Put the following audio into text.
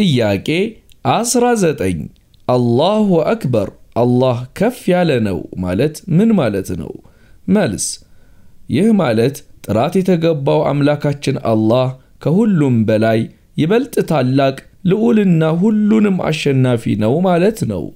ጥያቄ 19 አላሁ አክበር አላህ ከፍ ያለ ነው ማለት ምን ማለት ነው? መልስ ይህ ማለት ጥራት የተገባው አምላካችን አላህ ከሁሉም በላይ ይበልጥ ታላቅ ልዑልና ሁሉንም አሸናፊ ነው ማለት ነው።